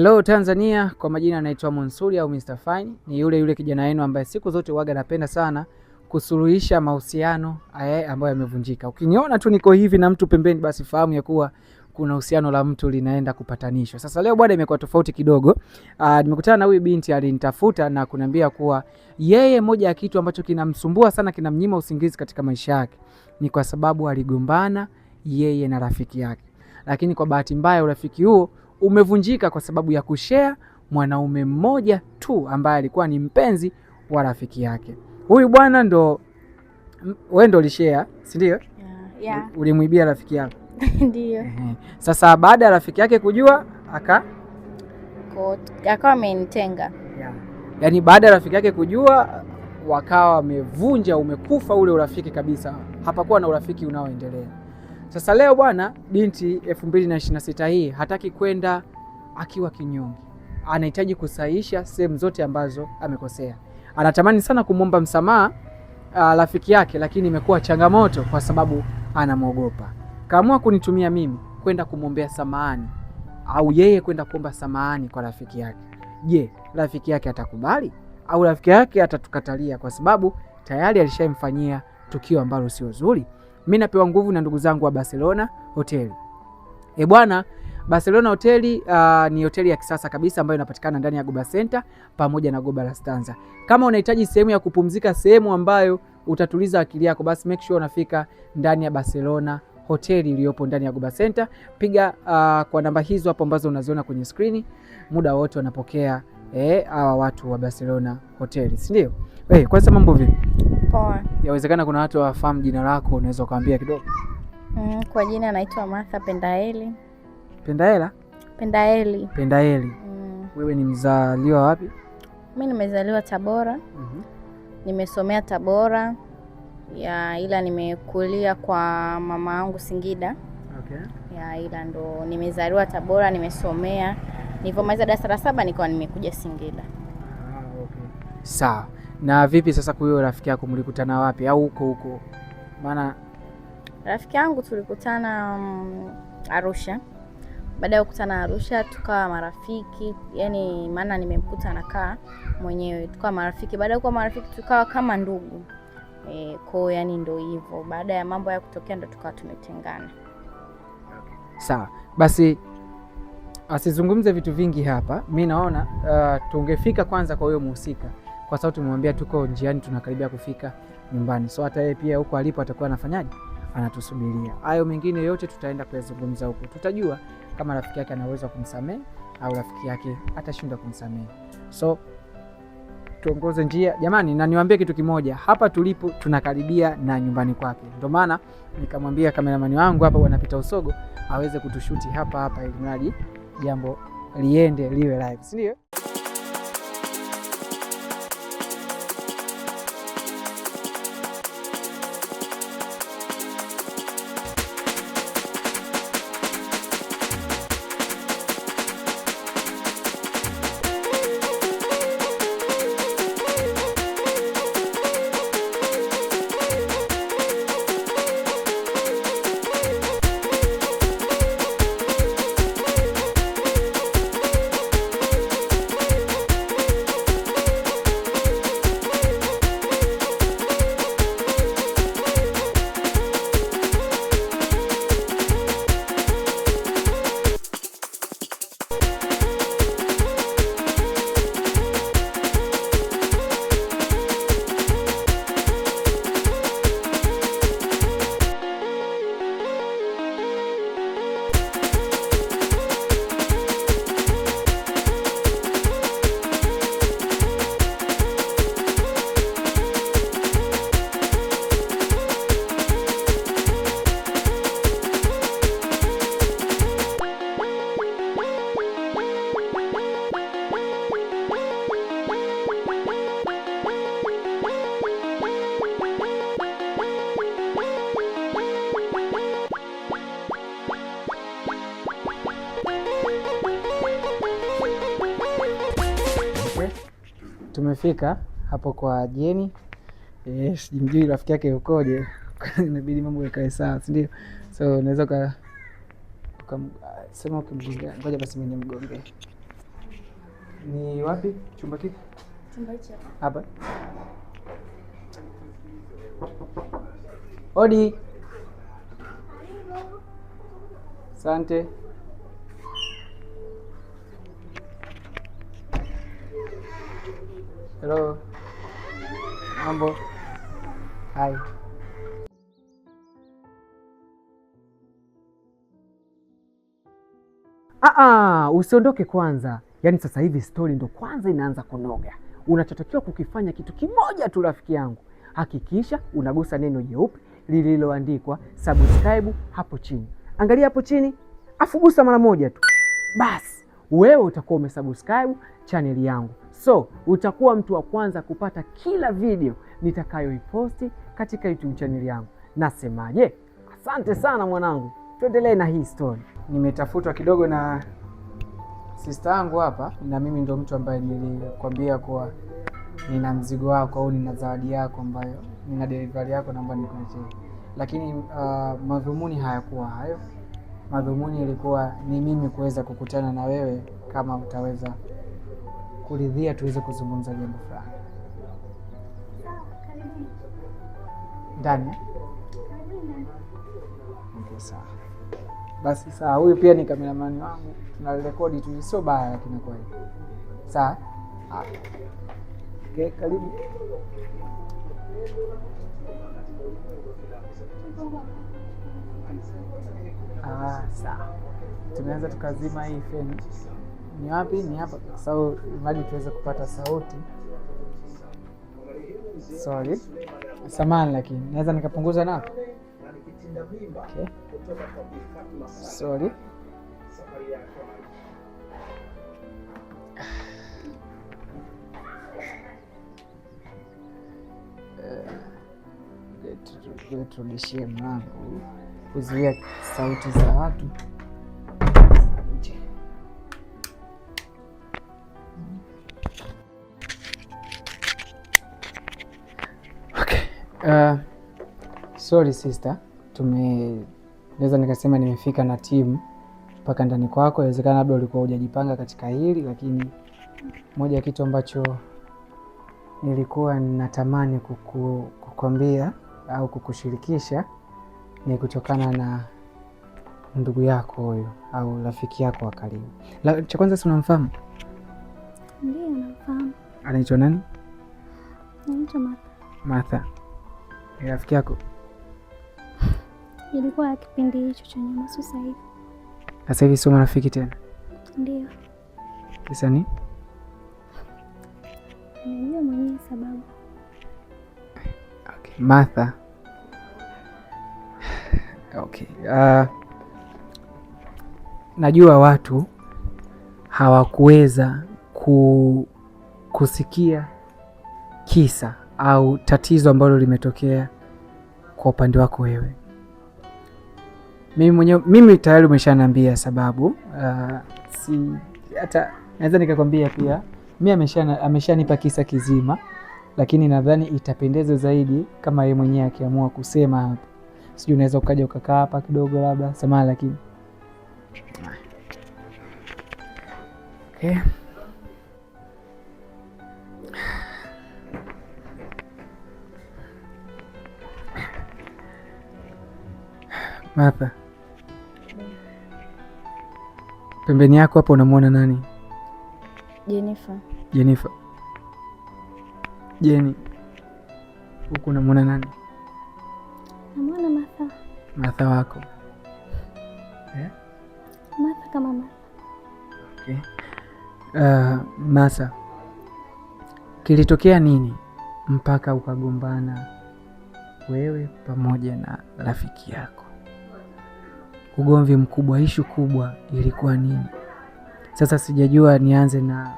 Hello Tanzania, kwa majina anaitwa Monsuri au Mr Fine. Ni yule yule kijana wenu ambaye siku zote waga napenda sana kusuluhisha mahusiano ambayo yamevunjika. Ukiniona tu niko hivi na mtu pembeni, basi fahamu ya kuwa kuna uhusiano la mtu linaenda kupatanishwa. Sasa leo bwana, imekuwa tofauti kidogo. Aa, ah, nimekutana na huyu binti alinitafuta na kuniambia kuwa yeye, moja ya kitu ambacho kinamsumbua sana, kinamnyima usingizi katika maisha yake ni kwa sababu aligombana yeye na rafiki yake, lakini kwa bahati mbaya urafiki huo umevunjika kwa sababu ya kushea mwanaume mmoja tu ambaye alikuwa ni mpenzi wa rafiki yake. Huyu bwana ndo wewe ndo ulishea, si ndio? Yeah, yeah. Ulimwibia rafiki yako ndio. Sasa baada ya rafiki yake kujua aka akawa amenitenga yeah. Yaani baada ya rafiki yake kujua wakawa wamevunja, umekufa ule urafiki kabisa, hapakuwa na urafiki unaoendelea. Sasa leo bwana, binti 2026 hii hataki kwenda akiwa kinyonge, anahitaji kusahihisha sehemu zote ambazo amekosea. Anatamani sana kumwomba msamaha ah, rafiki yake, lakini imekuwa changamoto kwa sababu anamwogopa. Kaamua kunitumia mimi kwenda kumwombea samahani au yeye kwenda kuomba samahani kwa rafiki yake. Je, rafiki yake atakubali au rafiki yake atatukatalia? Kwa sababu tayari alishamfanyia tukio ambalo sio zuri mi napewa nguvu na ndugu zangu wa Barcelona hoteli. E bwana, Barcelona hoteli uh, ah, ni hoteli ya kisasa kabisa ambayo inapatikana ndani ya Goba Center pamoja na Goba la Stanza. Kama unahitaji sehemu ya kupumzika, sehemu ambayo utatuliza akili yako, basi make sure unafika ndani ya Barcelona hoteli iliyopo ndani ya Goba Center. Piga uh, kwa namba hizo hapo ambazo unaziona kwenye skrini. Muda wote wanapokea eh, hawa eh, watu wa Barcelona hoteli, si ndio? Hey, eh, kwanza mambo vipi? Poa. Yawezekana kuna watu hawafahamu jina lako, unaweza ukaambia kidogo? Mm, kwa jina anaitwa Martha Pendaeli. Pendaela? Pendaeli. Pendaeli. Mm. Wewe ni mzaliwa wapi? Mi nimezaliwa Tabora. mm -hmm. Nimesomea Tabora ya ila nimekulia kwa mama yangu Singida. Okay. Ya ila ndo nimezaliwa Tabora, nimesomea Nilipomaliza darasa la saba nikawa nimekuja Singida. Ah, okay. Sawa. Na vipi sasa kwa hiyo rafiki yako mlikutana wapi au huko huko? Maana rafiki yangu tulikutana um, Arusha. Baada ya kukutana Arusha tukawa marafiki, yani maana nimemkuta nakaa mwenyewe, tukawa marafiki. Baada ya kuwa marafiki tukawa kama ndugu e, kwao yani ndo hivyo. Baada ya mambo ya kutokea ndo tukawa tumetengana. Sawa, basi asizungumze vitu vingi hapa, mi naona uh, tungefika kwanza kwa huyo mhusika kwa sababu tumemwambia tuko njiani, tunakaribia kufika nyumbani. So hata yeye pia huko alipo atakuwa anafanyaje, anatusubiria. Hayo mengine yote tutaenda kuyazungumza huko, tutajua kama rafiki yake anaweza kumsamehe au rafiki yake atashindwa kumsamehe. So tuongoze njia jamani, na niwaambie kitu kimoja, hapa tulipo tunakaribia na nyumbani kwake. Ndio maana nikamwambia kameramani wangu hapa wanapita usogo aweze kutushuti hapa hapa, ili mradi jambo liende liwe live, si ndio? tumefika hapo kwa Jeni. Eh, sijimjui rafiki yake ukoje. Inabidi mambo yakae sawa, si ndio? So unaweza ka sema kumjia. Ngoja basi mimi mgombe. Ni wapi? Chumba kipi? Chumba hicho. Hapa. Odi. Asante. Hello. Mambo. Ah ah, usiondoke kwanza. Yaani sasa hivi stori ndo kwanza inaanza kunoga. Unachotakiwa kukifanya kitu kimoja tu, rafiki yangu. Hakikisha unagusa neno jeupe lililoandikwa subscribe hapo chini. Angalia hapo chini, afugusa mara moja tu, basi wewe utakuwa umesubscribe chaneli yangu. So utakuwa mtu wa kwanza kupata kila video nitakayoiposti katika YouTube chaneli yangu. Nasemaje? Asante sana mwanangu, tuendelee na hii story. Nimetafutwa kidogo na sista yangu hapa, na mimi ndo mtu ambaye nilikwambia kuwa nina mzigo wako au nina zawadi yako ambayo nina delivery yako naomba nikuletee, lakini uh, madhumuni hayakuwa hayo. Madhumuni ilikuwa ni mimi kuweza kukutana na wewe kama utaweza kuridhia tuweze kuzungumza jambo fulani ndani. Okay, sawa basi, sawa. Huyu pia ni kameramani wangu, tunarekodi tu, sio baya, lakini hiyo sawa. Okay, karibu ah, sawa, tunaweza tukazima hii feni ni wapi? Ni hapa. So mradi tuweze kupata sauti. Sorry, samani, lakini naweza nikapunguza nao. Okay. Sorry. Eh, turudishie mlango kuzuia sauti za watu. sorry sister, tume naweza nikasema nimefika na timu mpaka ndani kwako. Inawezekana labda ulikuwa hujajipanga katika hili, lakini moja ya kitu ambacho nilikuwa natamani kuku, kukwambia au kukushirikisha ni kutokana na ndugu yako huyo au rafiki yako wa karibu. La, cha kwanza si unamfahamu? Ndiyo, namfahamu. Anaitwa nani? Anaitwa Martha. Martha. Ni rafiki yako? ilikuwa kipindi hicho cha nyuma, sio sasa hivi. Sasa hivi sio marafiki tena? Ndio. Kisa ni? Najua mwenyewe sababu. Okay, Martha. Okay. Uh, najua watu hawakuweza ku, kusikia kisa au tatizo ambalo limetokea kwa upande wako wewe mimi mwenyewe mimi tayari umeshaniambia sababu uh, si hata naweza nikakwambia pia mi ameshanipa kisa kizima, lakini nadhani itapendeza zaidi kama yeye mwenyewe akiamua kusema hapa. Sijui unaweza ukaja ukakaa hapa kidogo, labda samaha, lakini okay. Martha Pembeni yako hapa unamwona nani? Jennifer. Jennifer. Jeni. Huku unamwona nani? Namwona Martha. Martha wako. eh? Martha kama Martha. Okay. Uh, Masa, kilitokea nini mpaka ukagombana wewe pamoja na rafiki yako? ugomvi mkubwa, ishu kubwa ilikuwa nini? Sasa sijajua nianze na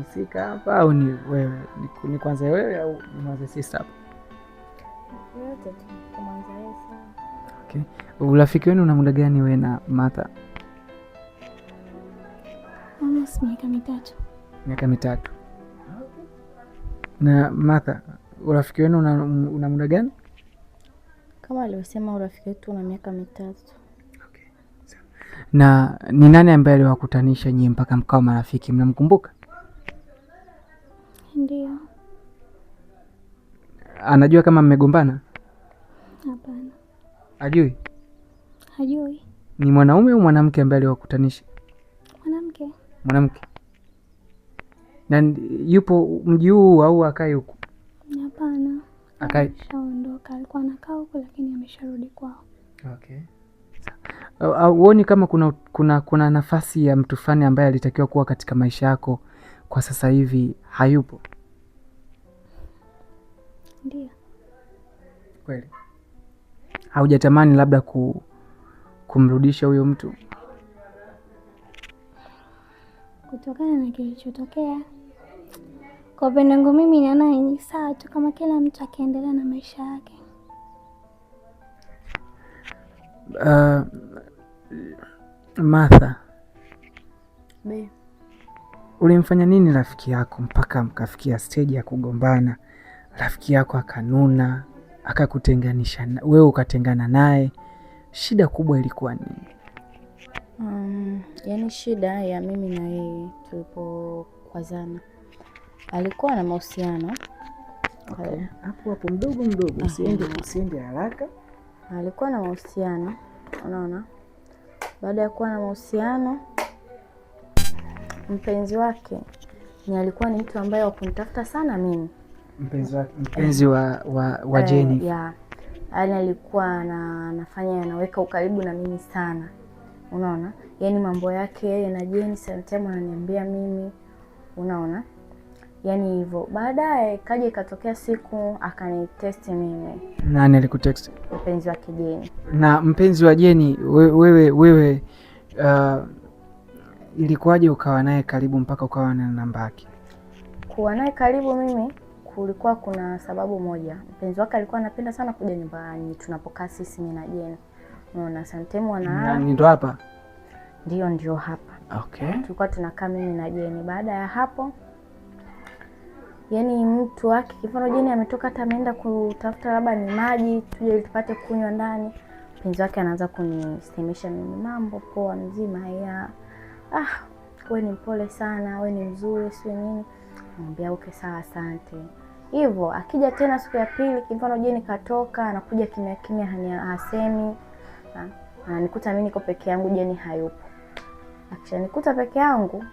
mhusika hapa au ni wewe, ni kwanza wewe au mwanze sista hapa? Okay. Urafiki wenu una muda gani wewe na Martha? Miaka mitatu. Miaka mitatu. Na Martha, urafiki wenu una, una muda gani? Kama aliosema urafiki wetu una miaka mitatu. Na ni nani ambaye aliwakutanisha nyie mpaka mkawa marafiki? Mnamkumbuka? Ndio. Anajua kama mmegombana? Hapana. ajui Hajui. Ni mwanaume au mwanamke ambaye aliwakutanisha? Mwanamke. Mwanamke. Na yupo mji huu au akae huku? Hapana. Akae. Ameshaondoka. Alikuwa anakaa huku lakini amesharudi kwao. Okay. Huoni kama kuna, kuna, kuna nafasi ya mtu fulani ambaye alitakiwa kuwa katika maisha yako kwa sasa hivi hayupo? Ndio kweli. Haujatamani labda ku, kumrudisha huyo mtu kutokana na kilichotokea? Kwa upande wangu mimi naona ni sawa tu kama kila mtu akiendelea na maisha yake. Uh, Martha, ulimfanya nini rafiki yako mpaka mkafikia steji ya kugombana? Rafiki yako akanuna akakutenganisha wewe ukatengana naye, shida kubwa ilikuwa nini? Um, yani shida ya mimi na yeye tulipokwazana, alikuwa na mahusiano hapo hapo, Mdogo mdogo, usiende usiende haraka alikuwa na mahusiano, unaona. Baada ya kuwa na mahusiano, mpenzi wake ni alikuwa ni mtu ambaye wakunitafuta sana mimi, mpenzi wa mpenzi wa, wa, wa eh, Jeni yeah. Yani alikuwa na, nafanya anaweka ukaribu na mimi sana, unaona, yani mambo yake yeye na Jeni sometimes ananiambia mimi, unaona yani hivyo. Baadaye kaja ikatokea siku akanitesti mimi. Nani alikutext? Mpenzi wa Jeni. Na mpenzi wa Jeni wewe, wewe uh, ilikuwaje ukawa naye karibu mpaka ukawa na namba yake? Kuwa naye karibu mimi kulikuwa kuna sababu moja. Mpenzi wake alikuwa anapenda sana kuja nyumbani tunapokaa sisi mimi na Jeni. Unaona, sometimes wana ndio hapa. Ndio ndio hapa. Okay. Tulikuwa tunakaa mimi na Jeni. Baada ya hapo yani mtu wake, mfano jeni ametoka hata ameenda kutafuta labda ni maji tuje tupate kunywa ndani, mpenzi wake anaanza kunisemesha mimi mambo poa mzima ya ah, we ni mpole sana, we ni mzuri, sio nini, namwambia okay, sawa, asante. Hivyo akija tena siku ya pili, kimfano jeni katoka, anakuja kimya kimya, hasemi, ah, ananikuta mimi niko peke yangu, jeni hayupo. Akishanikuta peke yangu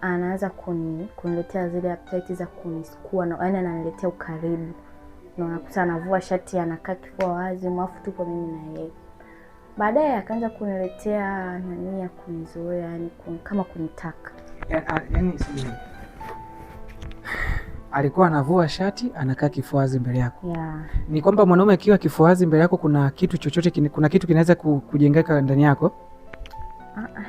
anaanza kuni kuniletea zile appetite za kunisukua na yani ananiletea ukaribu, na unakuta anavua shati anakaa kifua wazi, mwafu tupo mimi na yeye. Baadaye akaanza kuniletea nani ya kunizoea, yani kun, kama kunitaka yani alikuwa anavua shati anakaa kifuazi mbele yako yeah. Ni kwamba mwanaume akiwa kifuazi mbele yako, kuna kitu chochote, kuna kitu kinaweza kujengeka ndani yako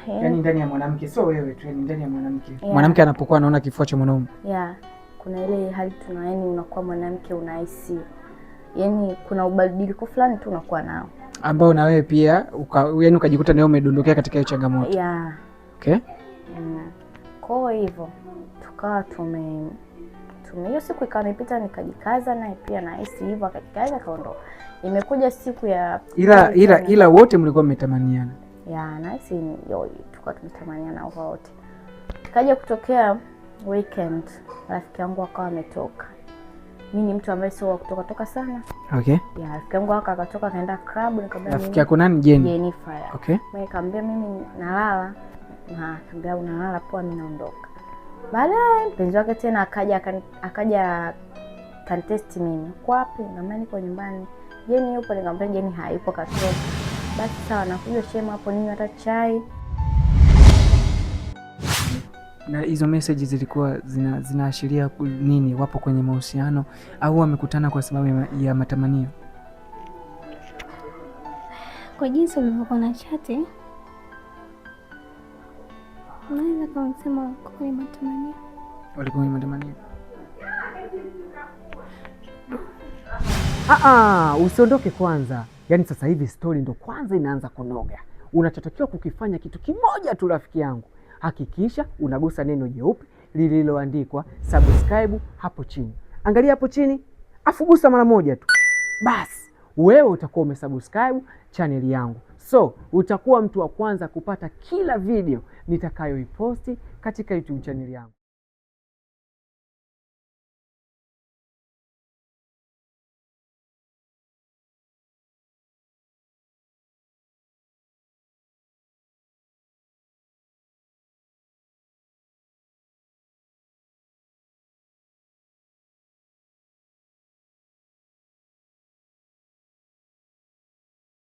yaani ndani ya mwanamke, sio wewe tu, yaani ndani ya mwanamke yeah. Mwanamke anapokuwa anaona kifua cha mwanaume yeah. Kuna ile hali tuna, yani, unakuwa mwanamke unahisi, yaani kuna ubadiliko fulani tu unakuwa nao ambao na wewe pia uka, yani ukajikuta nawe umedondokea katika hiyo changamoto yeah. Okay mm. Kwa hivyo tukawa tume tume hiyo siku ikawa imepita, nikajikaza naye pia nahisi hivyo, akajikaza kaondoka. Imekuja siku ya ila ila ila, wote mlikuwa mmetamaniana ya nahisi ndio tulikuwa tunatamaniana wote. Tukaja kutokea weekend, rafiki yangu akawa ametoka. Mi ni mtu ambaye sio wa kutoka toka sana. Okay. Ya rafiki yangu aka akatoka akaenda club, nikamwambia rafiki yako nani? Jeni. Jenifer. Okay. Mimi nikamwambia mimi nalala na kaambia unalala poa, mimi naondoka. Baadaye mpenzi wake tena akaja akaja kantesti mimi. Kwa wapi? Nikamwambia niko nyumbani. Jeni yupo? Nikamwambia Jeni hayupo katoka. Basi sawa, nakuja shemu hapo ninywe hata chai. Na hizo meseji zilikuwa zinaashiria zina nini? Wapo kwenye mahusiano au wamekutana kwa sababu ya, matamanio? Kwa jinsi ulivyokuwa na chati, naweza kusema wako kwenye matamanio. Walikuwa kwenye matamanio. Ah, ah, usiondoke kwanza Yaani sasa hivi stori ndo kwanza inaanza kunoga. Unachotakiwa kukifanya kitu kimoja tu, rafiki yangu, hakikisha unagusa neno jeupe lililoandikwa subscribe hapo chini. Angalia hapo chini, afu gusa mara moja tu basi, wewe utakuwa umesubscribe chaneli yangu, so utakuwa mtu wa kwanza kupata kila video nitakayoiposti katika YouTube chaneli yangu.